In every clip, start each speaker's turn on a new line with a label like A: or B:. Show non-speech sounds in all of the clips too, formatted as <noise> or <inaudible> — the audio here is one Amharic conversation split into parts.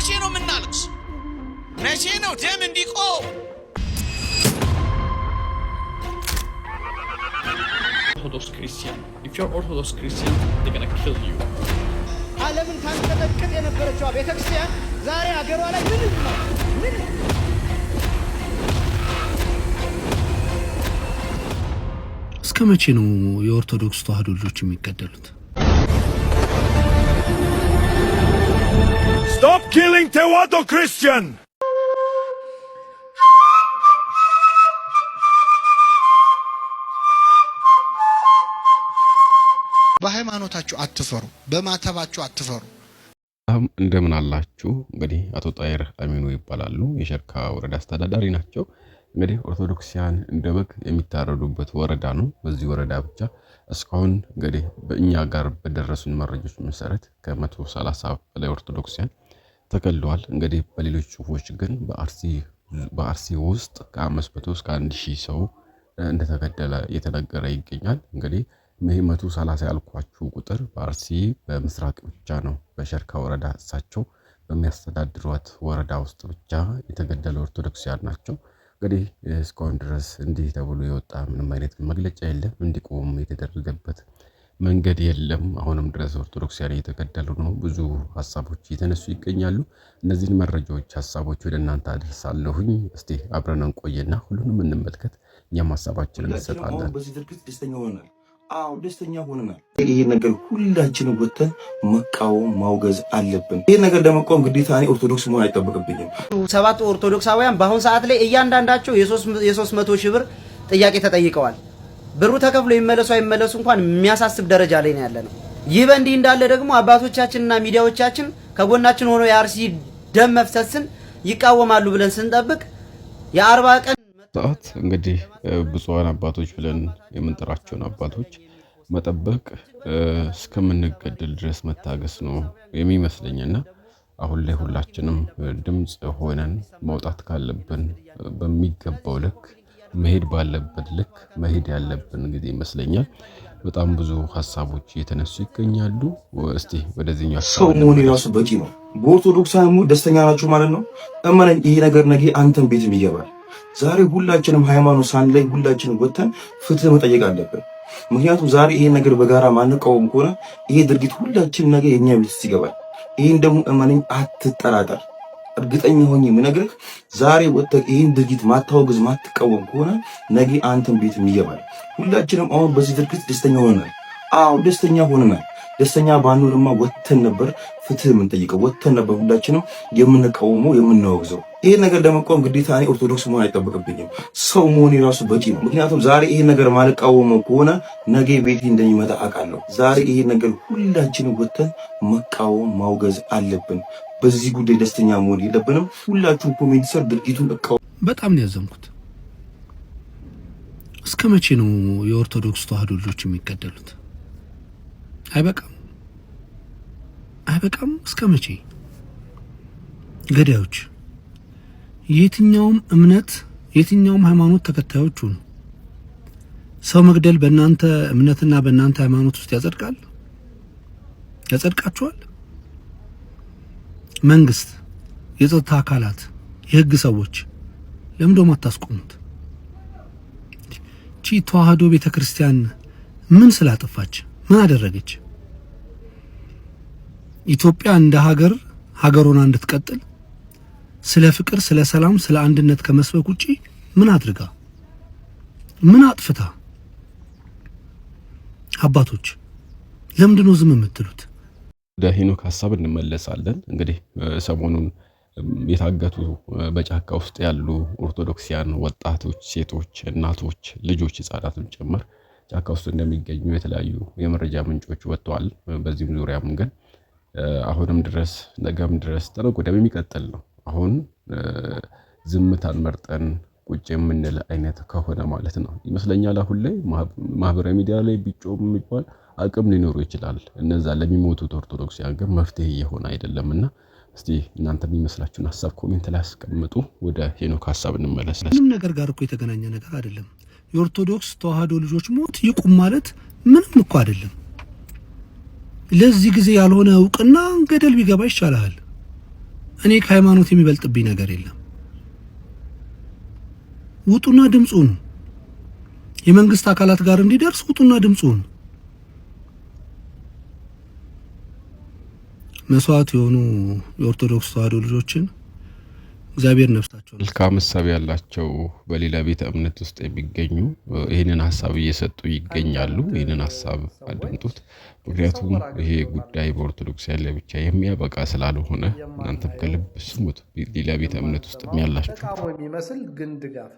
A: መቼ ነው የምናለቅስ? መቼ ነው ደም እንዲቆ ኦርቶዶክስ ክርስቲያን ኢፍ ዩ ኦርቶዶክስ ክርስቲያን ዜይ ጋና ኪል ዩ። ዓለምን ታንቀጠቅጥ የነበረችዋ ቤተክርስቲያን ዛሬ አገሯ ላይ ምን ነው ምን እስከ መቼ ነው የኦርቶዶክስ ተዋህዶ ልጆች የሚገደሉት?
B: turning Tewato Christian!
C: በሃይማኖታችሁ አትፈሩ፣ በማተባችሁ አትፈሩ።
D: እንደምን አላችሁ? እንግዲህ አቶ ጣይር አሚኑ ይባላሉ። የሸርካ ወረዳ አስተዳዳሪ ናቸው። እንግዲህ ኦርቶዶክሲያን እንደ በግ የሚታረዱበት ወረዳ ነው። በዚህ ወረዳ ብቻ እስካሁን እንግዲህ በእኛ ጋር በደረሱን መረጃዎች መሰረት ከመቶ ሰላሳ በላይ ኦርቶዶክሲያን ተገልሏል። እንግዲህ በሌሎች ጽሁፎች ግን በአርሲ ውስጥ ከአምስት መቶ እስከ አንድ ሺህ ሰው እንደተገደለ እየተነገረ ይገኛል። እንግዲህ ይህ መቶ ሰላሳ ያልኳችሁ ቁጥር በአርሲ በምስራቅ ብቻ ነው። በሸርካ ወረዳ እሳቸው በሚያስተዳድሯት ወረዳ ውስጥ ብቻ የተገደለ ኦርቶዶክሳውያን ናቸው። እንግዲህ እስካሁን ድረስ እንዲህ ተብሎ የወጣ ምንም አይነት መግለጫ የለም። እንዲቆም የተደረገበት መንገድ የለም። አሁንም ድረስ ኦርቶዶክሳውያን እየተገደሉ ነው። ብዙ ሀሳቦች እየተነሱ ይገኛሉ። እነዚህን መረጃዎች፣ ሀሳቦች ወደ እናንተ አደርሳለሁኝ። እስቲ አብረን እንቆይና ሁሉንም እንመልከት። እኛም ሀሳባችን እንሰጣለን። በዚህ ድርጊት ደስተኛ ሆነናል።
E: አዎ ደስተኛ ሆነናል። ይህ ነገር ሁላችንም ወጥተን መቃወም ማውገዝ አለብን። ይህ ነገር ለመቃወም ግዴታ እኔ ኦርቶዶክስ መሆን አይጠበቅብኝም።
F: ሰባት ኦርቶዶክሳውያን በአሁን ሰዓት ላይ እያንዳንዳቸው የሶስት መቶ ሺህ ብር ጥያቄ ተጠይቀዋል። ብሩ ተከፍሎ ይመለሱ አይመለሱ እንኳን የሚያሳስብ ደረጃ ላይ ነው ያለ ነው። ይህ በእንዲህ እንዳለ ደግሞ አባቶቻችንና ሚዲያዎቻችን ከጎናችን ሆኖ የአርሲ ደም መፍሰስን ይቃወማሉ ብለን ስንጠብቅ የአርባ ቀን
D: ሰዓት እንግዲህ ብፁዓን አባቶች ብለን የምንጠራቸውን አባቶች መጠበቅ እስከምንገደል ድረስ መታገስ ነው የሚመስለኝና አሁን ላይ ሁላችንም ድምፅ ሆነን መውጣት ካለብን በሚገባው ልክ መሄድ ባለበት ልክ መሄድ ያለብን ጊዜ ይመስለኛል። በጣም ብዙ ሀሳቦች እየተነሱ ይገኛሉ። እስቲ ወደዚህኛው
E: ሰው መሆን የራሱ በቂ ነው። በኦርቶዶክሳውያን ደስተኛ ናችሁ ማለት ነው። እመነኝ፣ ይሄ ነገር ነገ አንተን ቤትም ይገባል። ዛሬ ሁላችንም ሃይማኖት ላይ ሁላችንም ወጥተን ፍትህ መጠየቅ አለብን። ምክንያቱም ዛሬ ይሄ ነገር በጋራ ማንቃወም ከሆነ ይሄ ድርጊት ሁላችን ነገ የኛ ቤት ይገባል። ይህን ደግሞ እመነኝ፣ አትጠራጠር። እርግጠኛ ሆኜ የምነግርህ ዛሬ ወጥተህ ይህን ድርጊት ማታወግዝ ማትቃወም ከሆነ ነገ አንተን ቤት የሚገባል። ሁላችንም አሁን በዚህ ድርጊት ደስተኛ ሆነናል። አዎ ደስተኛ ሆነናል። ደስተኛ ባኖርማ ወጥተን ነበር ፍትህ የምንጠይቀው ወጥተን ነበር ሁላችንም የምንቃወመው የምናወግዘው። ይሄ ነገር ለመቃወም ግዴታ እኔ ኦርቶዶክስ መሆን አይጠበቅብኝም። ሰው መሆን የራሱ በቂ ነው። ምክንያቱም ዛሬ ይሄ ነገር ማልቃወመው ከሆነ ነገ ቤቴ እንደሚመጣ አውቃለሁ። ዛሬ ይሄ ነገር ሁላችንም ወጥተን መቃወም ማውገዝ አለብን። በዚህ ጉዳይ ደስተኛ መሆን የለብንም። ሁላችሁም ኮሜንት ስር ድርጊቱን እቃወም።
A: በጣም ነው ያዘንኩት። እስከ መቼ ነው የኦርቶዶክስ ተዋህዶ ልጆች የሚገደሉት? አይበቃም። አያበቃም። እስከ መቼ ገዳዮች? የትኛውም እምነት የትኛውም ሃይማኖት ተከታዮች ሁኑ፣ ሰው መግደል በእናንተ እምነትና በእናንተ ሃይማኖት ውስጥ ያጸድቃል? ያጸድቃችኋል? መንግስት፣ የጸጥታ አካላት፣ የህግ ሰዎች ለምዶ አታስቆሙት? ቺ ተዋህዶ ቤተክርስቲያን ምን ስላጠፋች ምን አደረገች? ኢትዮጵያ እንደ ሀገር ሀገሩን እንድትቀጥል ስለ ፍቅር፣ ስለ ሰላም፣ ስለ አንድነት ከመስበክ ውጪ ምን አድርጋ ምን አጥፍታ? አባቶች ለምንድን ነው ዝም የምትሉት?
D: ወደ ሄኖክ ሀሳብ እንመለሳለን። እንግዲህ ሰሞኑን የታገቱ በጫካ ውስጥ ያሉ ኦርቶዶክሲያን ወጣቶች፣ ሴቶች፣ እናቶች፣ ልጆች፣ ህጻናትም ጭምር ጫካ ውስጥ እንደሚገኙ የተለያዩ የመረጃ ምንጮች ወጥተዋል። በዚህም ዙሪያም ግን አሁንም ድረስ ነገም ድረስ ነገ ወዲያም የሚቀጥል ነው። አሁን ዝምታን መርጠን ቁጭ የምንል አይነት ከሆነ ማለት ነው ይመስለኛል። አሁን ላይ ማህበራዊ ሚዲያ ላይ ቢጮም የሚባል አቅም ሊኖሩ ይችላል። እነዛ ለሚሞቱት ኦርቶዶክሳውያን ግን መፍትሄ እየሆነ አይደለም እና እስቲ እናንተ የሚመስላችሁን ሀሳብ ኮሜንት ላይ አስቀምጡ። ወደ ሄኖክ ሀሳብ እንመለስ።
A: ምንም ነገር ጋር እኮ የተገናኘ ነገር አይደለም። የኦርቶዶክስ ተዋህዶ ልጆች ሞት ይቁም ማለት ምንም እኮ አይደለም። ለዚህ ጊዜ ያልሆነ እውቅና ገደል ቢገባ ይቻላል። እኔ ከሃይማኖት የሚበልጥብኝ ነገር የለም። ውጡና ድምጹን የመንግስት አካላት ጋር እንዲደርስ ውጡና ድምጹን መስዋዕት የሆኑ የኦርቶዶክስ ተዋህዶ ልጆችን እግዚአብሔር ነፍሳቸው
D: መልካም ሀሳብ ያላቸው በሌላ ቤተ እምነት ውስጥ የሚገኙ ይህንን ሀሳብ እየሰጡ ይገኛሉ። ይህንን ሀሳብ አድምጡት። ምክንያቱም ይሄ ጉዳይ በኦርቶዶክስ ያለ ብቻ የሚያበቃ ስላልሆነ እናንተም ከልብ ስሙት። ሌላ ቤተ እምነት ውስጥ ያላችሁ
F: የሚመስል ግን ድጋፍ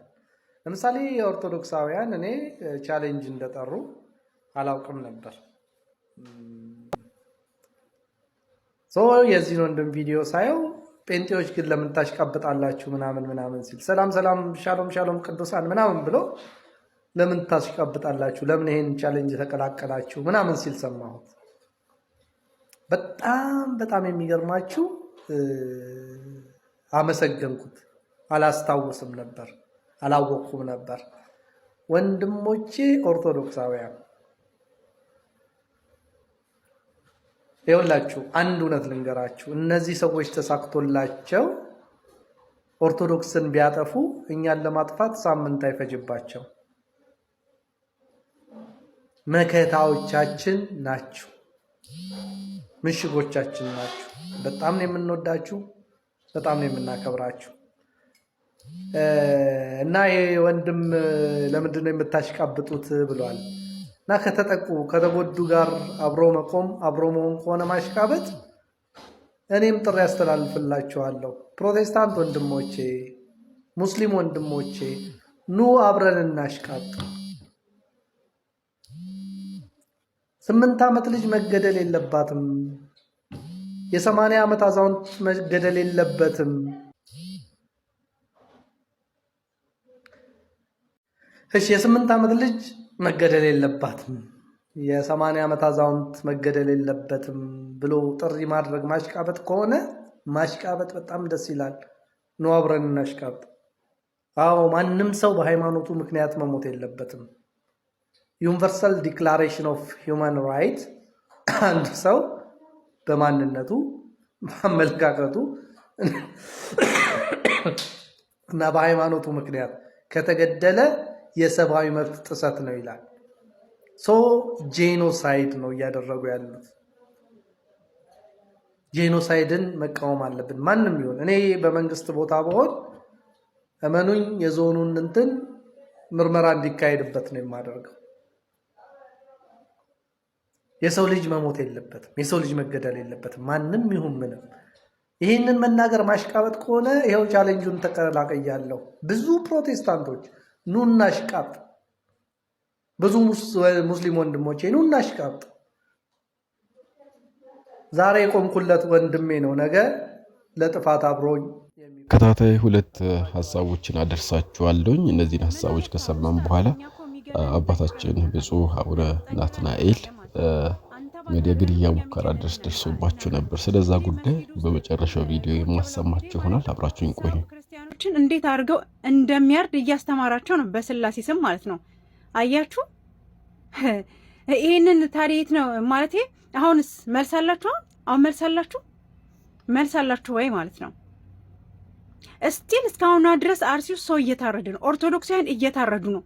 F: ለምሳሌ የኦርቶዶክሳውያን እኔ ቻሌንጅ እንደጠሩ አላውቅም ነበር። የዚህን ወንድም ቪዲዮ ሳየው ጴንጤዎች ግን ለምን ታሽቃብጣላችሁ? ምናምን ምናምን ሲል ሰላም ሰላም፣ ሻሎም ሻሎም፣ ቅዱሳን ምናምን ብሎ ለምን ታሽቃብጣላችሁ? ለምን ይሄን ቻሌንጅ ተቀላቀላችሁ? ምናምን ሲል ሰማሁት። በጣም በጣም የሚገርማችሁ አመሰገንኩት። አላስታውስም ነበር፣ አላወቅኩም ነበር። ወንድሞቼ ኦርቶዶክሳውያን ይኸውላችሁ አንድ እውነት ልንገራችሁ። እነዚህ ሰዎች ተሳክቶላቸው ኦርቶዶክስን ቢያጠፉ እኛን ለማጥፋት ሳምንት አይፈጅባቸው። መከታዎቻችን ናችሁ፣ ምሽጎቻችን ናችሁ። በጣም ነው የምንወዳችሁ፣ በጣም ነው የምናከብራችሁ። እና ይሄ ወንድም ለምንድን ነው የምታሽቃብጡት ብሏል። እና ከተጠቁ ከተጎዱ ጋር አብሮ መቆም አብሮ መሆን ከሆነ ማሽቃበጥ፣ እኔም ጥሪ ያስተላልፍላችኋለሁ። ፕሮቴስታንት ወንድሞቼ፣ ሙስሊም ወንድሞቼ ኑ አብረን እናሽቃብጥ። ስምንት ዓመት ልጅ መገደል የለባትም። የሰማንያ ዓመት አዛውንት መገደል የለበትም። እሺ የስምንት ዓመት ልጅ መገደል የለባትም፣ የሰማንያ ዓመት አዛውንት መገደል የለበትም ብሎ ጥሪ ማድረግ ማሽቃበጥ ከሆነ ማሽቃበጥ በጣም ደስ ይላል። ኑ አብረን አዎ ማንም ሰው በሃይማኖቱ ምክንያት መሞት የለበትም። ዩኒቨርሳል ዲክላሬሽን ኦፍ ሂውማን ራይት <clears throat> አንድ ሰው በማንነቱ በአመለካከቱ <clears throat> እና በሃይማኖቱ ምክንያት ከተገደለ የሰብአዊ መብት ጥሰት ነው ይላል። ሶ ጄኖሳይድ ነው እያደረጉ ያሉት። ጄኖሳይድን መቃወም አለብን። ማንም ይሁን እኔ በመንግስት ቦታ በሆን እመኑኝ የዞኑን እንትን ምርመራ እንዲካሄድበት ነው የማደርገው። የሰው ልጅ መሞት የለበትም። የሰው ልጅ መገደል የለበትም። ማንም ይሁን ምንም ይህንን መናገር ማሽቃበጥ ከሆነ ይኸው ቻሌንጁን ተቀላቀያለሁ። ብዙ ፕሮቴስታንቶች ኑና ሽቃብጥ። ብዙ ሙስሊም ወንድሞቼ ኑና ሽቃብጥ። ዛሬ የቆምኩለት ወንድሜ ነው ነገ ለጥፋት አብሮኝ
D: ከታታይ ሁለት ሀሳቦችን አደርሳችኋለሁኝ። እነዚህን ሀሳቦች ከሰማም በኋላ አባታችን ብፁዕ አቡነ ናትናኤል እንግዲህ የግድያ ሙከራ ድረስ ደርሶባችሁ ነበር። ስለዛ ጉዳይ በመጨረሻው ቪዲዮ የማሰማችሁ ይሆናል። አብራችሁኝ ቆዩ።
G: ችን እንዴት አድርገው እንደሚያርድ እያስተማራቸው ነው፣ በስላሴ ስም ማለት ነው። አያችሁ <laughs> ይህንን ታሪክ ነው ማለት አሁንስ መልስ አላችሁ? አሁን መልስ አላችሁ? መልስ አላችሁ ወይ ማለት ነው። እስቲል እስካሁን ድረስ አርሲው ሰው እየታረደ ነው። ኦርቶዶክሳውያን እየታረዱ ነው።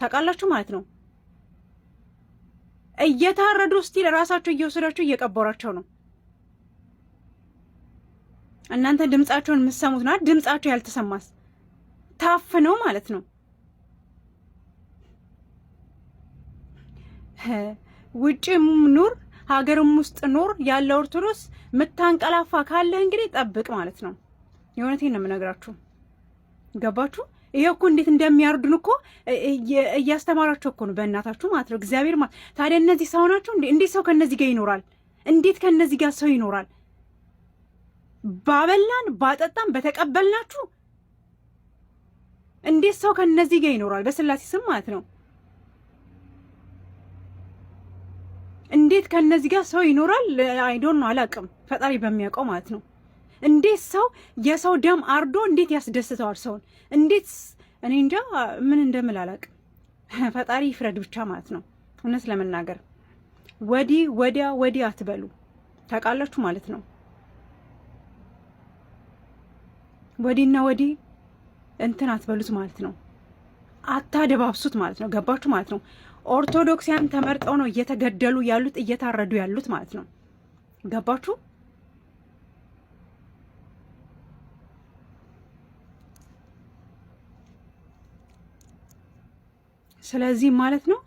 G: ታውቃላችሁ ማለት ነው። እየታረዱ እስቲል ራሳቸው እየወሰዳቸው እየቀበሯቸው ነው። እናንተ ድምጻቸውን የምትሰሙት ነው። ድምጻቸው ያልተሰማስ ታፍነው ማለት ነው። ውጭም ኑር ሀገርም ውስጥ ኑር ያለ ኦርቶዶክስ የምታንቀላፋ ካለህ እንግዲህ ጠብቅ ማለት ነው። የእውነቴን ነው የምነግራችሁ። ገባችሁ? ይሄ እኮ እንዴት እንደሚያርዱን እኮ እያስተማራቸው እኮ ነው። በእናታችሁ ማለት ነው። እግዚአብሔር ማለት ታዲያ እነዚህ ሰው ናቸው። እንዴት ሰው ከእነዚህ ጋር ይኖራል? እንዴት ከእነዚህ ጋር ሰው ይኖራል? ባበላን ባጠጣን በተቀበልናችሁ እንዴት ሰው ከነዚህ ጋር ይኖራል? በስላሴ ስም ማለት ነው። እንዴት ከነዚህ ጋር ሰው ይኖራል? ዶንት ኖ አላውቅም፣ ፈጣሪ በሚያውቀው ማለት ነው። እንዴት ሰው የሰው ደም አርዶ እንዴት ያስደስተዋል ሰውን? እንዴት እኔ እንጃ ምን እንደምል አላውቅም። <laughs> ፈጣሪ ፍረድ ብቻ ማለት ነው። እውነት ለመናገር ወዲህ ወዲያ ወዲህ አትበሉ፣ ታውቃላችሁ ማለት ነው። ወዲና ወዲህ እንትን አትበሉት ማለት ነው። አታደባብሱት ማለት ነው። ገባችሁ ማለት ነው። ኦርቶዶክሲያን ተመርጠው ነው እየተገደሉ ያሉት እየታረዱ ያሉት ማለት ነው። ገባችሁ? ስለዚህ ማለት ነው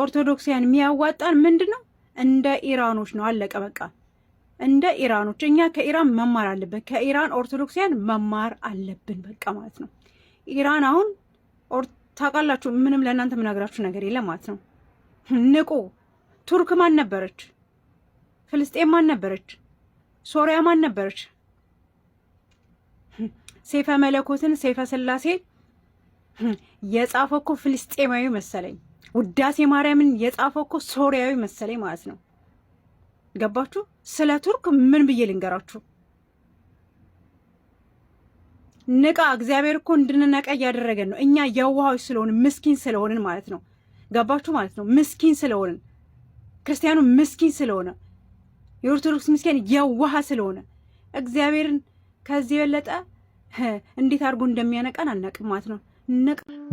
G: ኦርቶዶክሲያን የሚያዋጣን ምንድን ነው? እንደ ኢራኖች ነው። አለቀ በቃ። እንደ ኢራኖች እኛ ከኢራን መማር አለብን። ከኢራን ኦርቶዶክሲያን መማር አለብን። በቃ ማለት ነው። ኢራን አሁን ታውቃላችሁ፣ ምንም ለእናንተ የምነግራችሁ ነገር የለም ማለት ነው። ንቁ። ቱርክ ማን ነበረች? ፍልስጤም ማን ነበረች? ሶሪያ ማን ነበረች? ሴፈ መለኮትን ሴፈ ስላሴ የጻፈው እኮ ፍልስጤማዊ መሰለኝ። ውዳሴ ማርያምን የጻፈው እኮ ሶሪያዊ መሰለኝ ማለት ነው። ገባችሁ? ስለ ቱርክ ምን ብዬ ልንገራችሁ? ንቃ። እግዚአብሔር እኮ እንድንነቃ እያደረገን ነው። እኛ የዋሃዎች ስለሆንን ምስኪን ስለሆንን ማለት ነው። ገባችሁ ማለት ነው። ምስኪን ስለሆንን ክርስቲያኑ ምስኪን ስለሆነ የኦርቶዶክስ ምስኪን የዋሃ ስለሆነ እግዚአብሔርን ከዚህ የበለጠ እንዴት አድርጎ እንደሚያነቀን አናቅም ማለት ነው።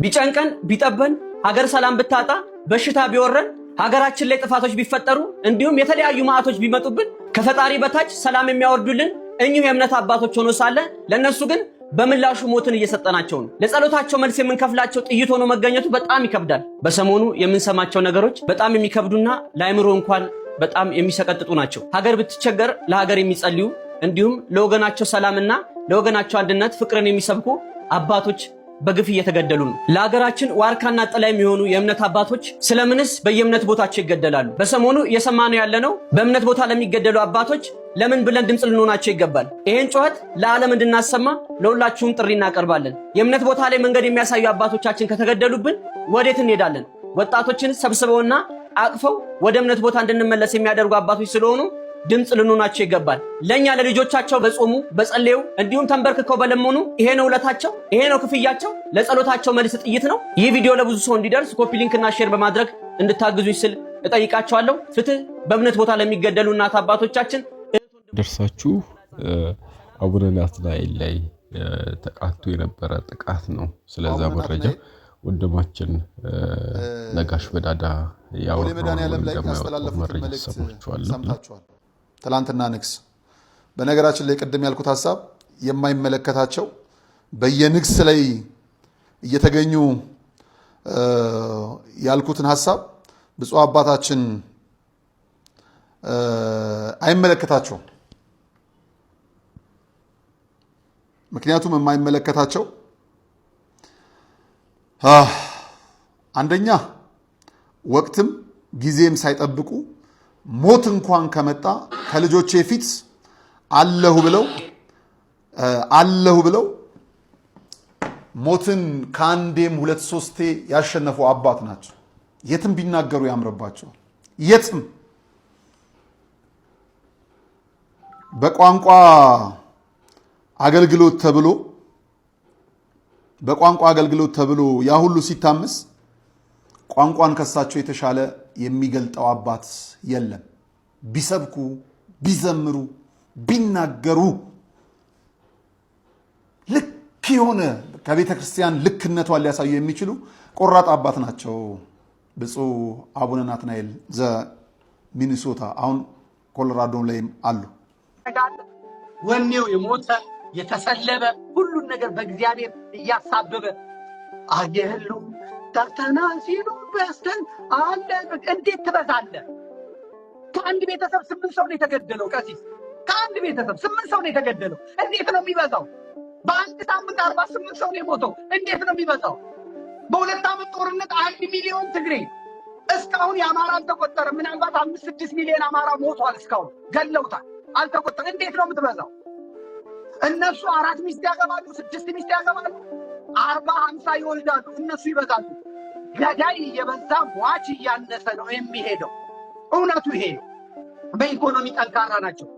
H: ቢጨንቀን ቢጠበን ሀገር ሰላም ብታጣ በሽታ ቢወረን ሀገራችን ላይ ጥፋቶች ቢፈጠሩ እንዲሁም የተለያዩ ማዕቶች ቢመጡብን ከፈጣሪ በታች ሰላም የሚያወርዱልን እኚሁ የእምነት አባቶች ሆኖ ሳለ ለእነሱ ግን በምላሹ ሞትን እየሰጠናቸው ነው። ለጸሎታቸው መልስ የምንከፍላቸው ጥይት ሆኖ መገኘቱ በጣም ይከብዳል። በሰሞኑ የምንሰማቸው ነገሮች በጣም የሚከብዱና ለአይምሮ እንኳን በጣም የሚሰቀጥጡ ናቸው። ሀገር ብትቸገር ለሀገር የሚጸልዩ እንዲሁም ለወገናቸው ሰላምና ለወገናቸው አንድነት ፍቅርን የሚሰብኩ አባቶች በግፍ እየተገደሉ ነው። ለሀገራችን ዋርካና ጥላ የሚሆኑ የእምነት አባቶች ስለምንስ በየእምነት ቦታቸው ይገደላሉ? በሰሞኑ እየሰማነው ያለነው በእምነት ቦታ ለሚገደሉ አባቶች ለምን ብለን ድምፅ ልንሆናቸው ይገባል። ይህን ጩኸት ለዓለም እንድናሰማ ለሁላችሁም ጥሪ እናቀርባለን። የእምነት ቦታ ላይ መንገድ የሚያሳዩ አባቶቻችን ከተገደሉብን ወዴት እንሄዳለን? ወጣቶችን ሰብስበውና አቅፈው ወደ እምነት ቦታ እንድንመለስ የሚያደርጉ አባቶች ስለሆኑ ድምፅ ልንሆናቸው ይገባል። ለእኛ ለልጆቻቸው በጾሙ በጸለዩ እንዲሁም ተንበርክከው በለመኑ ይሄ ነው ውለታቸው፣ ይሄ ነው ክፍያቸው፣ ለጸሎታቸው መልስ ጥይት ነው። ይህ ቪዲዮ ለብዙ ሰው እንዲደርስ ኮፒ ሊንክና ሼር በማድረግ እንድታግዙኝ ስል እጠይቃቸዋለሁ። ፍትህ በእምነት ቦታ ለሚገደሉ እናት አባቶቻችን
D: ደርሳችሁ አቡነ ናትናኤል ላይ ተቃቶ የነበረ ጥቃት ነው። ስለዛ መረጃ ወንድማችን ነጋሽ በዳዳ ያወራውን መረጃ ሰማችኋለሁ። ትላንትና ንግስ። በነገራችን ላይ ቅድም ያልኩት ሀሳብ የማይመለከታቸው በየንግስ ላይ እየተገኙ ያልኩትን ሀሳብ ብፁ አባታችን አይመለከታቸውም። ምክንያቱም የማይመለከታቸው አንደኛ ወቅትም ጊዜም ሳይጠብቁ ሞት እንኳን ከመጣ ከልጆቼ ፊት አለሁ ብለው አለሁ ብለው ሞትን ከአንዴም ሁለት ሶስቴ ያሸነፉ አባት ናቸው። የትም ቢናገሩ ያምርባቸዋል። የትም በቋንቋ አገልግሎት ተብሎ በቋንቋ አገልግሎት ተብሎ ያ ሁሉ ሲታመስ ቋንቋን ከሳቸው የተሻለ የሚገልጠው አባት የለም። ቢሰብኩ፣ ቢዘምሩ፣ ቢናገሩ ልክ የሆነ ከቤተ ክርስቲያን ልክነቷን ሊያሳዩ የሚችሉ ቆራጥ አባት ናቸው ብፁዕ አቡነ ናትናኤል ዘ ሚኒሶታ አሁን ኮሎራዶ ላይም አሉ። ወኔው የሞተ የተሰለበ ሁሉን ነገር በእግዚአብሔር እያሳበበ አየህሉ ዳክተና በስተን አለ። እንዴት ትበዛለ ከአንድ ቤተሰብ ስምንት ሰው ነው የተገደለው። ቀሲስ ከአንድ ቤተሰብ ስምንት ሰው ነው የተገደለው። እንዴት ነው የሚበዛው? በአንድ ሳምንት አርባ ስምንት ሰው ነው የሞተው። እንዴት ነው የሚበዛው? በሁለት ዓመት ጦርነት አንድ ሚሊዮን ትግሬ እስካሁን የአማራ አልተቆጠረም። ምናልባት አምስት ስድስት ሚሊዮን አማራ ሞቷል። እስካሁን ገለውታል፣ አልተቆጠረም። እንዴት ነው የምትበዛው? እነሱ አራት ሚስት ያገባሉ፣ ስድስት ሚስት ያገባሉ፣ አርባ ሀምሳ ይወልዳሉ። እነሱ ይበዛሉ። ገዳይ እየበዛ ሟች እያነሰ ነው የሚሄደው። እውነቱ ይሄ ነው። በኢኮኖሚ ጠንካራ ናቸው።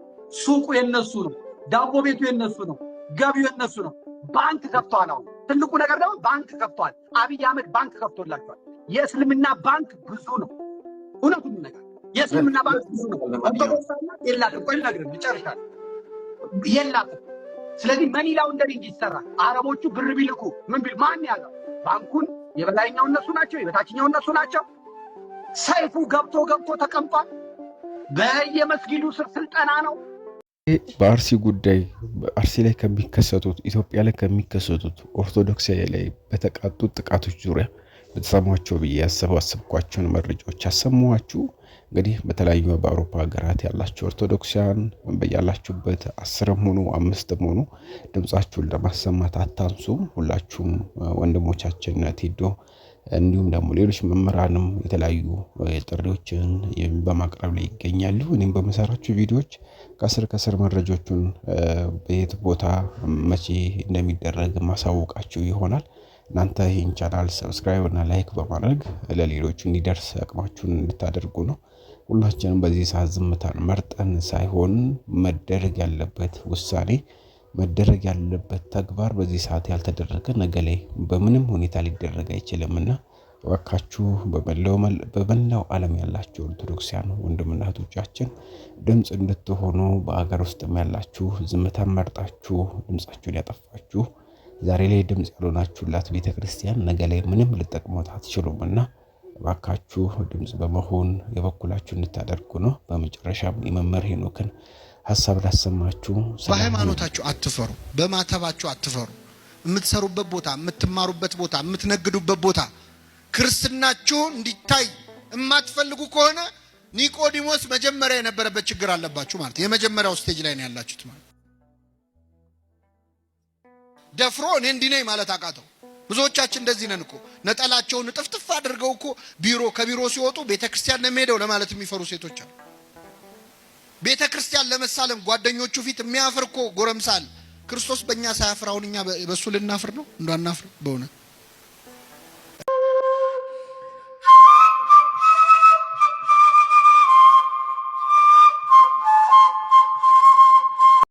D: ሱቁ የነሱ ነው። ዳቦ ቤቱ የነሱ ነው። ገቢው የነሱ ነው። ባንክ ከፍተዋል። አሁን ትልቁ ነገር ደግሞ ባንክ ከፍተዋል። አብይ አህመድ ባንክ ከፍቶላቸዋል። የእስልምና ባንክ ብዙ ነው። እውነቱ ነገር የእስልምና ባንክ ብዙ ነው። የላትም። ቆይ ልነግርህ ልጨርሻለሁ። የላትም። ስለዚህ መኒላው እንደዚህ ይሰራል። አረቦቹ ብር ቢልኩ ምን ቢል ማን ያለው ባንኩን የበላይኛው እነሱ ናቸው፣ የበታችኛው እነሱ ናቸው። ሰይፉ ገብቶ ገብቶ ተቀምጧል። በየመስጊዱ ስር ስልጠና ነው። በአርሲ ጉዳይ አርሲ ላይ ከሚከሰቱት ኢትዮጵያ ላይ ከሚከሰቱት ኦርቶዶክሳዊ ላይ በተቃጡት ጥቃቶች ዙሪያ በተሰሟቸው ብዬ ያሰባሰብኳቸውን መረጃዎች አሰማኋችሁ። እንግዲህ በተለያዩ በአውሮፓ ሀገራት ያላችሁ ኦርቶዶክሳውያን በያላችሁበት አስርም ሆኑ አምስትም ሆኑ ድምፃችሁን ለማሰማት አታንሱ። ሁላችሁም ወንድሞቻችን ቴዶ እንዲሁም ደግሞ ሌሎች መምህራንም የተለያዩ ጥሪዎችን በማቅረብ ላይ ይገኛሉ። እኔም በመሰራችሁ ቪዲዮዎች ከስር ከስር መረጃዎቹን በየት ቦታ መቼ እንደሚደረግ ማሳወቃችሁ ይሆናል። እናንተ ይህን ቻናል ሰብስክራይብ እና ላይክ በማድረግ ለሌሎቹ እንዲደርስ አቅማችሁን እንድታደርጉ ነው። ሁላችንም በዚህ ሰዓት ዝምታን መርጠን ሳይሆን መደረግ ያለበት ውሳኔ መደረግ ያለበት ተግባር በዚህ ሰዓት ያልተደረገ ነገ ላይ በምንም ሁኔታ ሊደረግ አይችልምና እባካችሁ በመላው ዓለም ያላችሁ ኦርቶዶክሲያን ወንድምና እህቶቻችን ድምፅ እንድትሆኑ በአገር ውስጥም ያላችሁ ዝምታን መርጣችሁ ድምፃችሁን ያጠፋችሁ ዛሬ ላይ ድምፅ ያልሆናችሁላት ቤተክርስቲያን ነገ ላይ ምንም አትችሉም አትችሉምና ባካችሁ ድምፅ በመሆን የበኩላችሁ እንታደርጉ ነው። በመጨረሻ የመምህር ሄኖክን ሀሳብ ላሰማችሁ። በሃይማኖታችሁ አትፈሩ፣ በማተባችሁ አትፈሩ። የምትሰሩበት ቦታ፣ የምትማሩበት ቦታ፣ የምትነግዱበት ቦታ ክርስትናችሁ እንዲታይ የማትፈልጉ ከሆነ ኒቆዲሞስ መጀመሪያ የነበረበት ችግር አለባችሁ ማለት የመጀመሪያው ስቴጅ ላይ ነው ያላችሁት ማለት ደፍሮ እኔ እንዲህ ነኝ ማለት አቃተው። ብዙዎቻችን እንደዚህ ነን እኮ ነጠላቸውን ጥፍጥፍ አድርገው እኮ ቢሮ ከቢሮ ሲወጡ ቤተ ክርስቲያን ነው ለማለት የሚፈሩ ሴቶች አሉ። ቤተ ክርስቲያን ለመሳለም ጓደኞቹ ፊት የሚያፍር እኮ ጎረምሳል። ክርስቶስ በእኛ ሳያፍር አሁን እኛ በእሱ ልናፍር ነው? እንዳናፍር በእውነት